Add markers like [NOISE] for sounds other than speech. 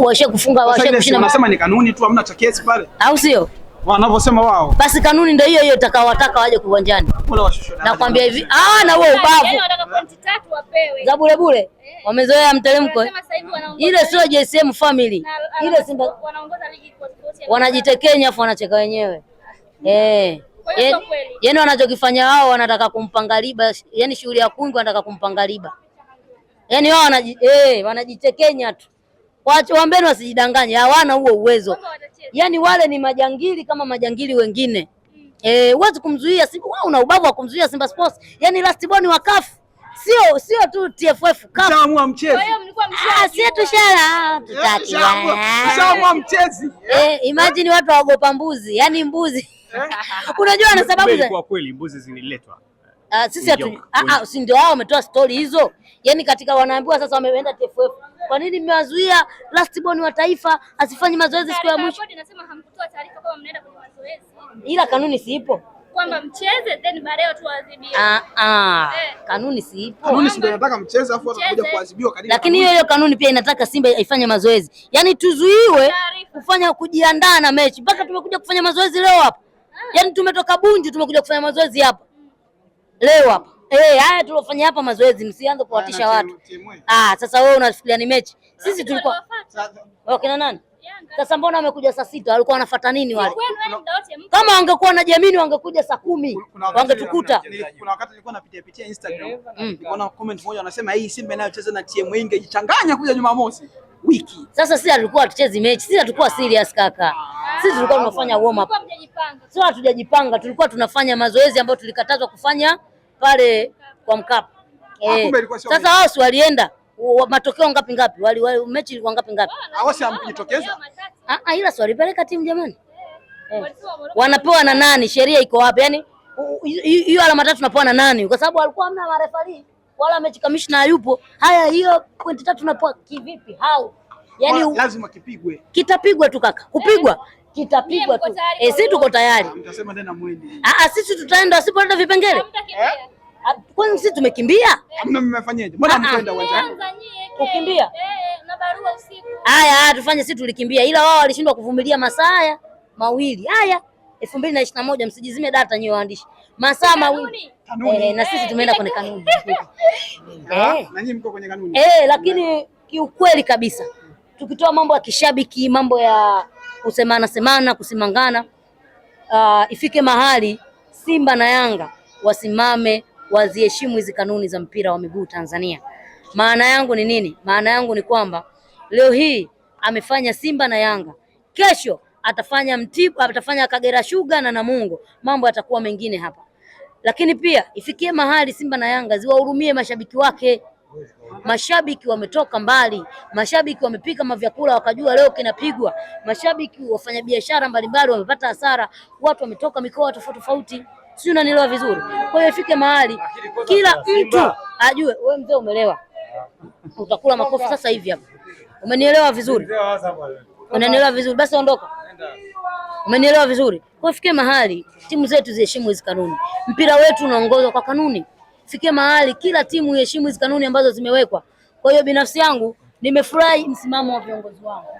alafu washe kufunga waishe kushinda. Unasema ni kanuni tu, hamna cha kesi pale, au sio? Wanavyosema wao. Basi kanuni ndio hiyo hiyo itakawataka waje kuwanjani. Nakwambia hivi, ah na wewe ubavu. Yaani Za bure bure. Eh. Wamezoea mteremko. Eh? Ile sio JSM family. Ile Simba wanaongoza ligi Wanajitekenya afu wanacheka wenyewe. Eh. Yaani-, yaani wanachokifanya wao wanataka kumpanga riba, yaani shughuli ya kungi wanataka kumpanga riba. Yaani wao wanaji eh wanajitekenya tu. Waache wambeni, wasijidanganye, hawana huo uwezo. Yaani wale ni majangili kama majangili wengine. Mm. Eh, huwezi kumzuia Simba. Wewe una ubavu wa kumzuia Simba Sports. Yaani last born wa CAF. Sio sio tu TFF CAF. Tushaamua mchezo. Ah, si tu shara Ah, sio tushara. mchezo. Eh, imagine watu waogopa mbuzi. Yaani mbuzi. Eh? [LAUGHS] Unajua na sababu za. Kwa kweli mbuzi ziniletwa. Uh, sisi ah, ah, si ndio wao wametoa stori hizo, yaani katika wanaambiwa sasa wameenda TFF. Kwa nini mmewazuia last born wa taifa asifanye mazoezi siku ya mwisho? Inasema hamkutoa taarifa kama mnaenda kwenye mazoezi, ila kanuni siipo kwamba mcheze then baadaye watu waadhibiwe. Ah ah, Eh. kanuni si ipo, kanuni si ndio inataka mcheze afu anakuja kuadhibiwa kadiri. Lakini hiyo hiyo kanuni pia inataka Simba ifanye mazoezi, yaani tuzuiwe kufanya kujiandaa na mechi mpaka tumekuja kufanya mazoezi leo hapa, yaani tumetoka Bunju tumekuja kufanya mazoezi hapa leo hapa eh, eh haya tuliofanya hapa mazoezi, msianze kuwatisha watu. Ah, sasa wewe unafikiria ni mechi? Sisi tulikuwa wakina nani? Sasa mbona wamekuja saa sita? Walikuwa wanafuata nini wale? Kama wangekuwa na jamini wangekuja saa kumi wangetukuta. Kuna wakati nilikuwa napitia pitia Instagram, mm. nikaona comment moja wanasema hii Simba inayocheza na timu nyingi ijichanganya kuja Jumamosi wiki. Sasa sisi tulikuwa hatuchezi mechi, sisi tulikuwa serious kaka. Ah. Sisi tulikuwa tunafanya warm up. Sio hatujajipanga, tulikuwa tunafanya mazoezi ambayo tulikatazwa kufanya pale kwa Mkapa. Ah, eh, sasa wao si walienda matokeo ngapi ngapi? Wali, wali mechi ilikuwa ngapi ngapi? Ah, ah, ila si walipeleka timu jamani. Eh. Wanapewa na nani? Sheria iko wapi? yani hiyo alama tatu napewa na nani? Kwa sababu alikuwa hamna marefari wala mechi kamishna hayupo. Haya, hiyo pointi tatu napewa kivipi? Hao Yaani lazima kipigwe. Kitapigwa tu kaka. Kupigwa eh, kitapigwa tu. E, eh, si tuko tayari. Mtasema tena mwende. Ah, ah, sisi tutaenda asipoleta vipengele. Eh? Ah, kwani sisi tumekimbia? Hamna, ah, mmefanyaje? Mbona mkwenda uwanjani? Kukimbia. Eh, na barua usiku. Haya, tufanye sisi tulikimbia ila wao walishindwa kuvumilia masaa mawili. Haya, elfu mbili na ishirini na moja msijizime data nyewe waandishi. Masaa mawili. Eh, na sisi tumeenda kwenye kanuni. [LAUGHS] Eh, na nyinyi mko kwenye kanuni. Eh, lakini kiukweli kabisa tukitoa mambo ya kishabiki, mambo ya kusemana semana, kusimangana. Uh, ifike mahali Simba na Yanga wasimame waziheshimu hizi kanuni za mpira wa miguu Tanzania. Maana yangu ni nini? Maana yangu ni kwamba leo hii amefanya Simba na Yanga, kesho atafanya Mtibwa, atafanya Kagera Sugar na Namungo, mambo yatakuwa mengine hapa. Lakini pia ifikie mahali Simba na Yanga ziwahurumie mashabiki wake. Mashabiki wametoka mbali, mashabiki wamepika mavyakula wakajua leo kinapigwa, mashabiki, wafanyabiashara mbalimbali wamepata hasara, watu wametoka mikoa tofauti tofauti, sio? Unanielewa vizuri? Kwa hiyo ifike mahali kila mtu ajue. Wewe mzee, umelewa, utakula makofi sasa hivi hapa. Umenielewa vizuri? Unanielewa vizuri? Basi ondoka. Umenielewa vizuri? Kwa ifike mahali timu zetu ziheshimu hizi kanuni. Mpira wetu unaongozwa kwa kanuni fikie mahali kila timu iheshimu hizi kanuni ambazo zimewekwa. Kwa hiyo binafsi yangu nimefurahi msimamo wa viongozi wangu.